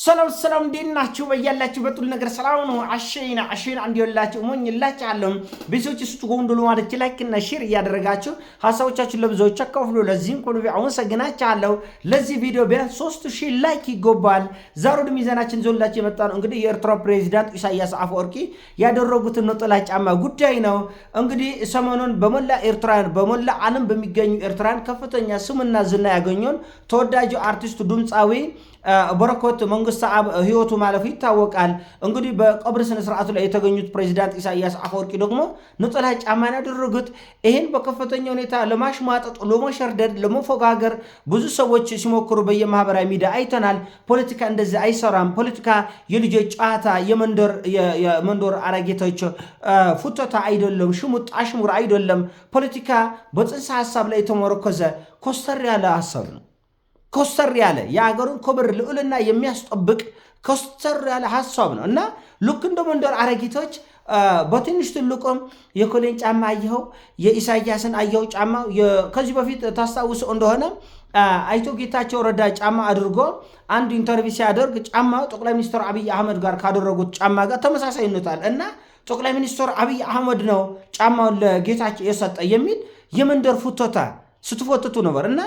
ሰላም ሰላም፣ እንዴት ናችሁ? በያላችሁበት ሁሉ ነገር ሰላም ነው። አሸይና አሸይና እንዲወላችሁ እሞኝላችኋለሁ። ቤተሰቦች እሱ ጎንዶሎ ማለት ላይክ እና ሼር እያደረጋችሁ ሀሳቦቻችሁን ለብዙዎች አካፍሉ። ለዚህም ሁሉ አመሰግናችኋለሁ። ለዚህ ቪዲዮ ቢያንስ 3000 ላይክ ይገባል። ዛሬ ወደ ሚዛናችን ዞላችሁ የመጣ ነው እንግዲህ የኤርትራ ፕሬዚዳንት ኢሳያስ አፈወርቂ ያደረጉትን ነጠላ ጫማ ጉዳይ ነው። እንግዲህ ሰሞኑን በሞላ ኤርትራን በሞላ ዓለም በሚገኙ ኤርትራን ከፍተኛ ስምና ዝና ያገኘውን ተወዳጁ አርቲስቱ ድምፃዊ በረኮት መንግስት አብ ህይወቱ ማለፉ ይታወቃል። እንግዲህ በቀብር ስነስርዓቱ ላይ የተገኙት ፕሬዚዳንት ኢሳያስ አፈወርቂ ደግሞ ነጠላ ጫማን ያደረጉት ይህን በከፍተኛ ሁኔታ ለማሽሟጠጥ፣ ለመሸርደድ፣ ለመፎጋገር ብዙ ሰዎች ሲሞክሩ በየማህበራዊ ሚዲያ አይተናል። ፖለቲካ እንደዚህ አይሰራም። ፖለቲካ የልጆች ጨዋታ፣ የመንደር አረጌቶች ፉተታ አይደለም፣ ሽሙጥ አሽሙር አይደለም። ፖለቲካ በጽንሰ ሀሳብ ላይ የተመረኮዘ ኮስተር ያለ ሀሳብ ነው። ኮስተር ያለ የአገሩን ክብር ልዑልና የሚያስጠብቅ ኮስተር ያለ ሀሳብ ነው እና ልክ እንደ መንደር አረጊቶች በትንሽ ትልቁም የኮሌን ጫማ አየኸው፣ የኢሳያስን አየኸው ጫማ ከዚህ በፊት ታስታውስ እንደሆነ አይቶ ጌታቸው ረዳ ጫማ አድርጎ አንድ ኢንተርቪ ሲያደርግ ጫማው ጠቅላይ ሚኒስትር አብይ አህመድ ጋር ካደረጉት ጫማ ጋር ተመሳሳይነታል እና ጠቅላይ ሚኒስትር አብይ አህመድ ነው ጫማውን ለጌታቸው የሰጠ የሚል የመንደር ፉቶታ ስትፎትቱ ነበር እና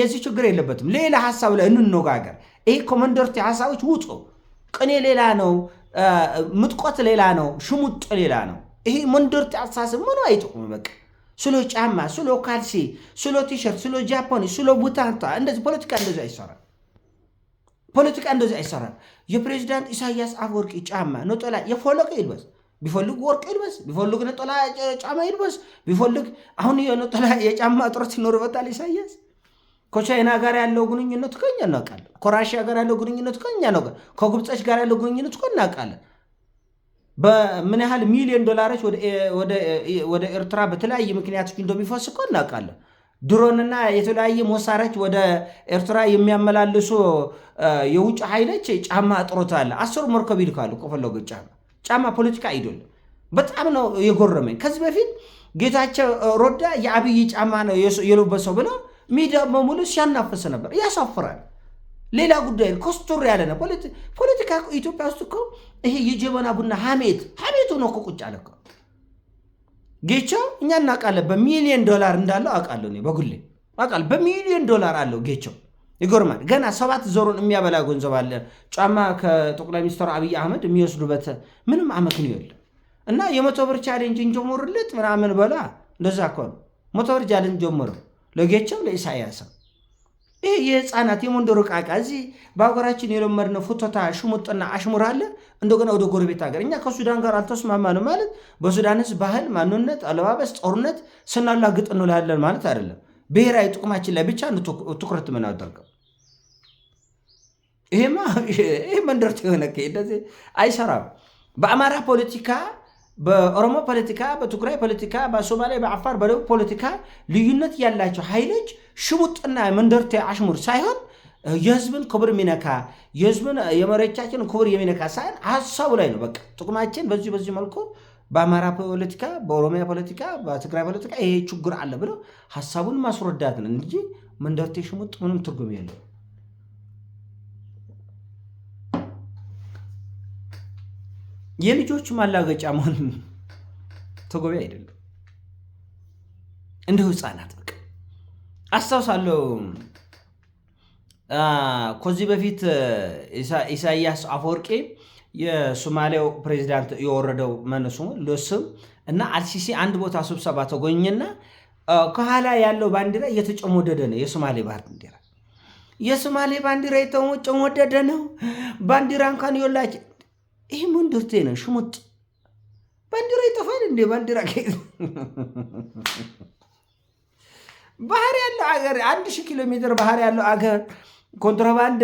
የዚህ ችግር የለበትም። ሌላ ሀሳብ ላይ እንነጋገር። ይህ ኮመንደርቲ ሀሳቦች ውጡ። ቅኔ ሌላ ነው፣ ምጥቆት ሌላ ነው፣ ሽሙጥ ሌላ ነው። ይሄ መንደርቲ አስተሳሰብ ምኑ አይጠቅሙም። በቃ ስሎ ጫማ፣ ስሎ ካልሲ፣ ስሎ ቲሸርት፣ ስሎ ጃፖኒ፣ ስሎ ቡታንታ እንደዚህ ፖለቲካ እንደዚህ አይሰራም። ፖለቲካ እንደዚህ አይሰራም። የፕሬዚዳንት ኢሳያስ አፈወርቂ ጫማ ነጠላ የፈለቀ ይልበስ ቢፈልግ ወርቅ ይልበስ፣ ቢፈልግ ነጠላ ጫማ ይልበስ፣ ቢፈልግ አሁን የነጠላ የጫማ እጥረት ይኖርበታል ኢሳያስ ከቻይና ጋር ያለው ግንኙነቱ ከኛ እናውቃለን። ከራሽያ ጋር ያለው ግንኙነቱ ከኛ ነው። ከግብጾች ጋር ያለው ግንኙነቱ እኮ እናውቃለን። በምን ያህል ሚሊዮን ዶላሮች ወደ ኤርትራ በተለያየ ምክንያቶች እንደሚፈስ እኮ እናውቃለን። ድሮንና የተለያየ መሳሪያዎች ወደ ኤርትራ የሚያመላልሱ የውጭ ኃይሎች ጫማ እጥሮት አለ። አስሩ መርከብ ይልካሉ ከፈለጉ ጫማ ጫማ ፖለቲካ አይደለም። በጣም ነው የጎረመኝ። ከዚህ በፊት ጌታቸው ሮዳ የአብይ ጫማ ነው የለበሰው ብለው ሚዲያ በሙሉ ሲያናፈሰ ነበር። ያሳፍራል። ሌላ ጉዳይ ኮስቶር ያለ ነው። ፖለቲካ ኢትዮጵያ ውስጥ እኮ ይሄ የጀበና ቡና ሀሜት ሀሜቱ ነው እኮ ቁጭ አለ። ጌቻው እኛ እናውቃለን፣ በሚሊዮን ዶላር እንዳለው አውቃለሁ እኔ በጉሌ አውቃለሁ። በሚሊዮን ዶላር አለው ጌቸው። ይጎርማል። ገና ሰባት ዞሩን የሚያበላ ገንዘብ አለ። ጫማ ከጠቅላይ ሚኒስትሩ አብይ አህመድ የሚወስዱበት ምንም አመክንዮ የለም። እና የመቶ ብር ቻሌንጅ እንጀምርለት ምናምን በላ እንደዛ ከሆነ መቶ ብር ቻሌንጅ ጀምረው ለጌቸው ለኢሳያስም ይህ የህፃናት የሞንደሮ ቃቃ እዚህ በሀገራችን የለመድነው ፉተታ፣ ሽሙጥና አሽሙር አለ። እንደገና ወደ ጎረቤት ሀገር እኛ ከሱዳን ጋር አልተስማማን ማለት በሱዳን ህዝብ ባህል፣ ማንነት፣ አለባበስ፣ ጦርነት ስናላግጥ እንውላለን ማለት አይደለም። ብሔራዊ ጥቅማችን ላይ ብቻ ትኩረት የምናደርገው ይህ መንደርት የሆነ እንደዚህ አይሰራም። በአማራ ፖለቲካ በኦሮሞ ፖለቲካ፣ በትግራይ ፖለቲካ፣ በሶማሌ፣ በአፋር፣ በደቡብ ፖለቲካ ልዩነት ያላቸው ኃይሎች ሽሙጥና መንደርቴ አሽሙር ሳይሆን የህዝብን ክብር የሚነካ የህዝብን የመሪዎቻችን ክብር የሚነካ ሳይሆን ሀሳቡ ላይ ነው። በቃ ጥቅማችን በዚህ በዚህ መልኩ በአማራ ፖለቲካ፣ በኦሮሚያ ፖለቲካ፣ በትግራይ ፖለቲካ ይሄ ችግር አለ ብለው ሀሳቡን ማስረዳት ነው እንጂ መንደርቴ ሽሙጥ ምንም ትርጉም የለው። የልጆች ማላገጫ መሆን ተገቢ አይደለም። እንደው ህፃናት በቃ አስታውሳለሁ። ከዚህ በፊት ኢሳያስ አፈወርቄ የሶማሌው ፕሬዚዳንት የወረደው መነሱ ልስም እና አልሲሲ አንድ ቦታ ስብሰባ ተጎኝና ከኋላ ያለው ባንዲራ እየተጨሞደደ ነው። የሶማሌ ባንዲራ የሶማሌ ባንዲራ የተጨሞደደ ነው። ባንዲራ እንኳን የላቸው ይህ ምንድርቴ ነው? ሽሙጥ ባንዲራ ይጠፋል እንዴ? ባንዲራ ባህር ያለው አገር አንድ ሺህ ኪሎ ሜትር ባህር ያለው አገር ኮንትሮባንድ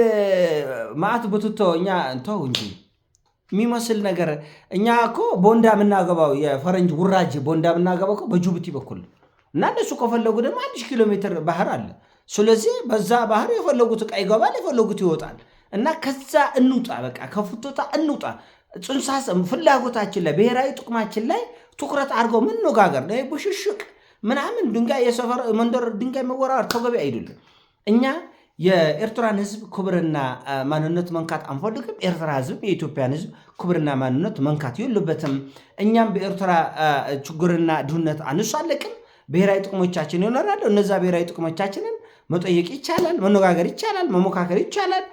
ማዕት ብትቶ እኛ እንተው እንጂ የሚመስል ነገር እኛ እኮ ቦንዳ የምናገባው የፈረንጅ ውራጅ ቦንዳ የምናገባው እኮ በጅቡቲ በኩል እና እነሱ ከፈለጉ ደግሞ አንድ ሺህ ኪሎ ሜትር ባህር አለ። ስለዚህ በዛ ባህር የፈለጉት ዕቃ ይገባል፣ የፈለጉት ይወጣል። እና ከዛ እንውጣ፣ በቃ ከፍቶታ እንውጣ። ጽንሰ ፍላጎታችን ላይ ብሔራዊ ጥቅማችን ላይ ትኩረት አድርገው መነጋገር ነው። ብሽሽቅ ምናምን ድንጋይ የሰፈር መንደር ድንጋይ መወራወር ተገቢ አይደለም። እኛ የኤርትራን ህዝብ ክብርና ማንነት መንካት አንፈልግም። ኤርትራ ህዝብ የኢትዮጵያን ህዝብ ክብርና ማንነት መንካት የለበትም። እኛም በኤርትራ ችግርና ድህነት አንሳለቅም። ብሔራዊ ጥቅሞቻችን ይኖራሉ። እነዛ ብሔራዊ ጥቅሞቻችንን መጠየቅ ይቻላል፣ መነጋገር ይቻላል፣ መሞካከር ይቻላል።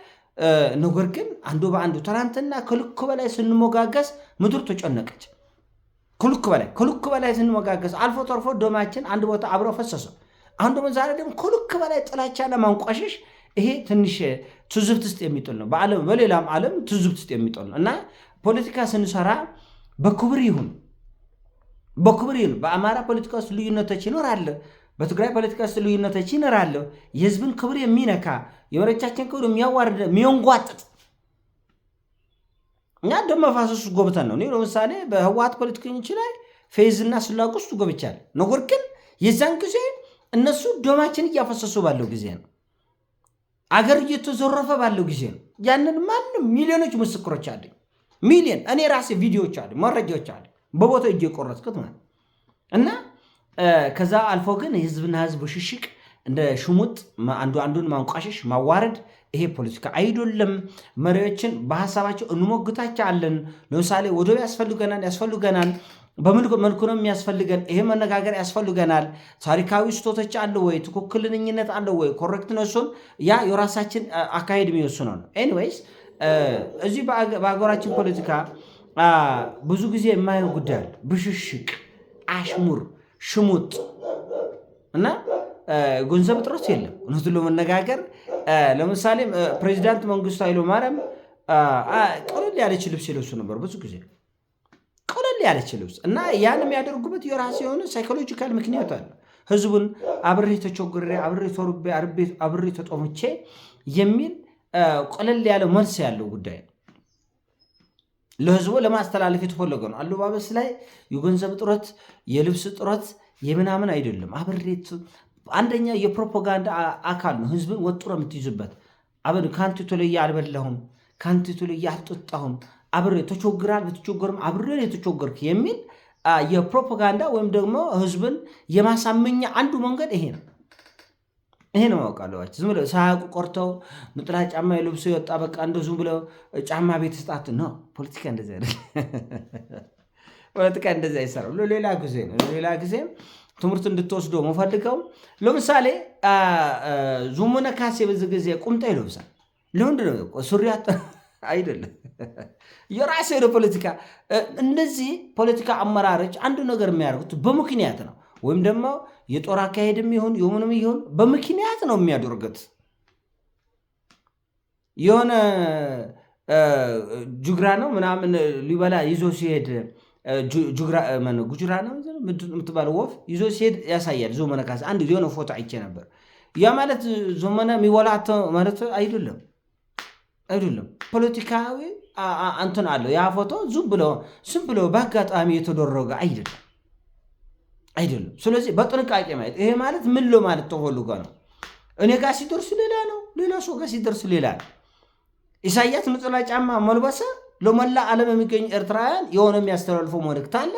ነገር ግን አንዱ በአንዱ ትናንትና ከልክ በላይ ስንሞጋገስ ምድር ተጨነቀች። ከልክ በላይ ከልክ በላይ ስንሞጋገስ አልፎ ተርፎ ደማችን አንድ ቦታ አብሮ ፈሰሰ። አሁን ደግሞ ዛሬ ደግሞ ከልክ በላይ ጥላቻ ለማንቋሸሽ ይሄ ትንሽ ትዝብት ውስጥ የሚጥል ነው። በዓለም በሌላም ዓለም ትዝብት ውስጥ የሚጥል ነው እና ፖለቲካ ስንሰራ በክብር ይሁን በክብር ይሁን። በአማራ ፖለቲካ ውስጥ ልዩነቶች ይኖራል። በትግራይ ፖለቲካ ውስጥ ልዩነቶች ይኖራሉ። የህዝብን ክብር የሚነካ የመሪዎቻችን ክብር የሚያዋርድ የሚንጓጥጥ እኛ ደም መፋሰሱ ጎብተን ነው። እኔ ለምሳሌ በህወሀት ፖለቲከኞች ላይ ፌዝና ስላቅ ውስጥ ጎብቻል። ነገር ግን የዛን ጊዜ እነሱ ደማችን እያፈሰሱ ባለው ጊዜ ነው። አገር እየተዘረፈ ባለው ጊዜ ነው። ያንን ማንም ሚሊዮኖች ምስክሮች አለኝ። ሚሊዮን እኔ ራሴ ቪዲዮዎች አለ፣ መረጃዎች አለ፣ በቦታው እየቆረጥኩት ማለት እና ከዛ አልፎ ግን የህዝብና ህዝብ ሽሽቅ እንደ ሽሙጥ አንዱ አንዱን ማንቋሸሽ፣ ማዋረድ ይሄ ፖለቲካ አይደለም። መሪዎችን በሀሳባቸው እንሞግታቸዋለን። ለምሳሌ ወደብ ያስፈልገናል ያስፈልገናል መልኩ ነው የሚያስፈልገን። ይሄ መነጋገር ያስፈልገናል። ታሪካዊ ስቶቶች አለ ወይ? ትክክልንኝነት አለ ወይ? ኮረክት ነው ያ የራሳችን አካሄድ የሚወስነው ነው። ኤኒዌይስ እዚህ በሀገራችን ፖለቲካ ብዙ ጊዜ የማየው ጉዳይ ብሽሽቅ፣ አሽሙር ሽሙጥ እና ገንዘብ ጥሮት የለም። እውነቱን ለመነጋገር ለምሳሌ ፕሬዚዳንት መንግስቱ ኃይለማርያም ቀለል ያለች ልብስ የለብሱ ነበር ብዙ ጊዜ ቀለል ያለች ልብስ እና ያን የሚያደርጉበት የራሱ የሆነ ሳይኮሎጂካል ምክንያት አለ። ህዝቡን አብሬ ተቸግሬ አብሬ ተርቤ አብሬ ተጦምቼ የሚል ቀለል ያለ መልስ ያለው ጉዳይ ለህዝቡ ለማስተላለፍ የተፈለገ ነው። አለባበስ ላይ የገንዘብ ጥረት፣ የልብስ ጥረት የምናምን አይደለም። አብሬት አንደኛ የፕሮፓጋንዳ አካል ነው። ህዝብን ወጥሮ የምትይዙበት አብር ከአንተ የተለየ አልበላሁም፣ ከአንተ የተለየ አልጠጣሁም፣ አብሬ ተቸግራል፣ ብትቸገርም አብሬ የተቸገርክ የሚል የፕሮፓጋንዳ ወይም ደግሞ ህዝብን የማሳመኛ አንዱ መንገድ ይሄ ነው። ይሄ ነው ማወቅ አለባቸው። ዝም ብለው ሳያውቁ ቆርተው ነጠላ ጫማ የለብሶ የወጣ በቃ እንደ ዝም ብለው ጫማ ቤት ስጣት ነው። ፖለቲካ እንደዚህ አይደል። ፖለቲካ እንደዚህ አይሰራም። ሌላ ጊዜ ነው፣ ሌላ ጊዜ ትምህርት እንድትወስዶ መፈልገው። ለምሳሌ ዙሙነ ካሴ በዚ ጊዜ ቁምጣ ይለብሳል። ለምንድን ነው ሱሪያት አይደለም የራሴ ፖለቲካ። እነዚህ ፖለቲካ አመራሮች አንዱ ነገር የሚያደርጉት በምክንያት ነው። ወይም ደግሞ የጦር አካሄድም ይሁን የሆንም ይሁን በምክንያት ነው የሚያደርገት። የሆነ ጁግራ ነው ምናምን ሊበላ ይዞ ሲሄድ ጉጅራ ነው የምትባለው ወፍ ይዞ ሲሄድ ያሳያል። ዞመነ ካሴ አንድ የሆነ ፎቶ አይቼ ነበር። ያ ማለት ዞመነ የሚወላቶ ማለት አይደለም፣ አይደለም ፖለቲካዊ አንትን አለው። ያ ፎቶ ዝም ብሎ ዝም ብሎ በአጋጣሚ የተደረገ አይደለም። አይደለም። ስለዚህ በጥንቃቄ ማየት ይሄ ማለት ምን ማለት ተፈልጎ ነው? እኔ ጋር ሲደርስ ሌላ ነው፣ ሌላ ሰው ጋር ሲደርስ ሌላ ነው። ኢሳያስ ነጠላ ጫማ መልበሰ ለመላ ዓለም የሚገኝ ኤርትራውያን የሆነ የሚያስተላልፈው መልእክት አለ፣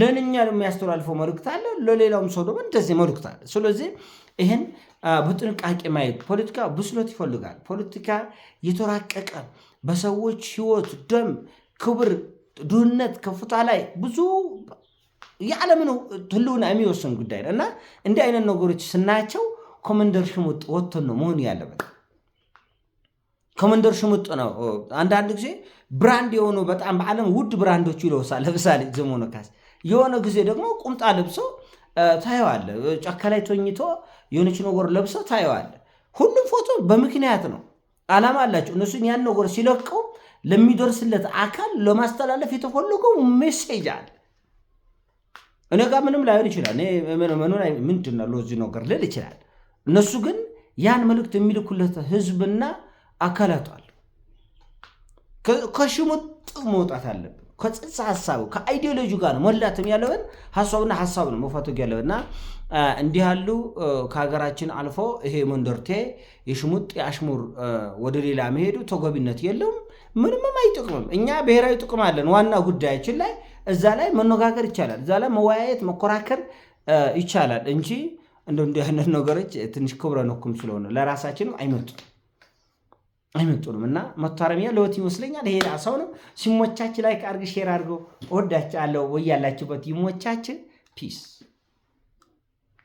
ለእኛ የሚያስተላልፈው መልእክት አለ፣ ለሌላውም ሰው ደግሞ እንደዚህ መልእክት አለ። ስለዚህ ይህን በጥንቃቄ ማየት ፖለቲካ ብስሎት ይፈልጋል። ፖለቲካ የተራቀቀ በሰዎች ህይወት ደም፣ ክብር፣ ድህነት ከፍታ ላይ ብዙ የዓለምን ህልውና የሚወስን ጉዳይ ነው እና እንዲህ አይነት ነገሮች ስናያቸው ኮመንደር ሽሙጥ ወጥቶን ነው መሆን ያለበት። ኮመንደር ሽሙጥ ነው። አንዳንድ ጊዜ ብራንድ የሆኑ በጣም በዓለም ውድ ብራንዶቹ ይለውሳል። ለምሳሌ ዘመኑ ካስ የሆነ ጊዜ ደግሞ ቁምጣ ለብሶ ታየዋለ። ጫካ ላይ ተኝቶ የሆነች ነገር ለብሶ ታየዋለ። ሁሉም ፎቶ በምክንያት ነው፣ አላማ አላቸው። እነሱን ያን ነገር ሲለቀው ለሚደርስለት አካል ለማስተላለፍ የተፈለገው ሜሴጅ አለ። እኔ ጋር ምንም ላይሆን ይችላል። ምንድን ነው ለዚህ ነገር ልል ይችላል። እነሱ ግን ያን መልእክት የሚልኩለት ህዝብና አካላቷል ከሽሙጥ መውጣት አለብን። ከጽንሰ ሀሳቡ ከአይዲዮሎጂ ጋር ነው መላትም ያለብን ሀሳቡና ሀሳብ ነው መፈተግ ያለብንና እንዲህ ያሉ ከሀገራችን አልፎ ይሄ መንደርቴ የሽሙጥ የአሽሙር ወደ ሌላ መሄዱ ተገቢነት የለውም። ምንምም አይጠቅምም። እኛ ብሔራዊ ጥቅም አለን ዋና ጉዳያችን ላይ እዛ ላይ መነጋገር ይቻላል፣ እዛ ላይ መወያየት መኮራከር ይቻላል እንጂ እንደ እንዲህ አይነት ነገሮች ትንሽ ክብረ ነኩም ስለሆነ ለራሳችንም አይመጡንም አይመጡንም እና መታረሚያ ለወት ይመስለኛል። ይሄ ሰው ነው። ሲሞቻች ላይ ከአርግ ሼር አድርገው። ወዳች አለው ወያላችሁበት ያላችሁበት ይሞቻችን ፒስ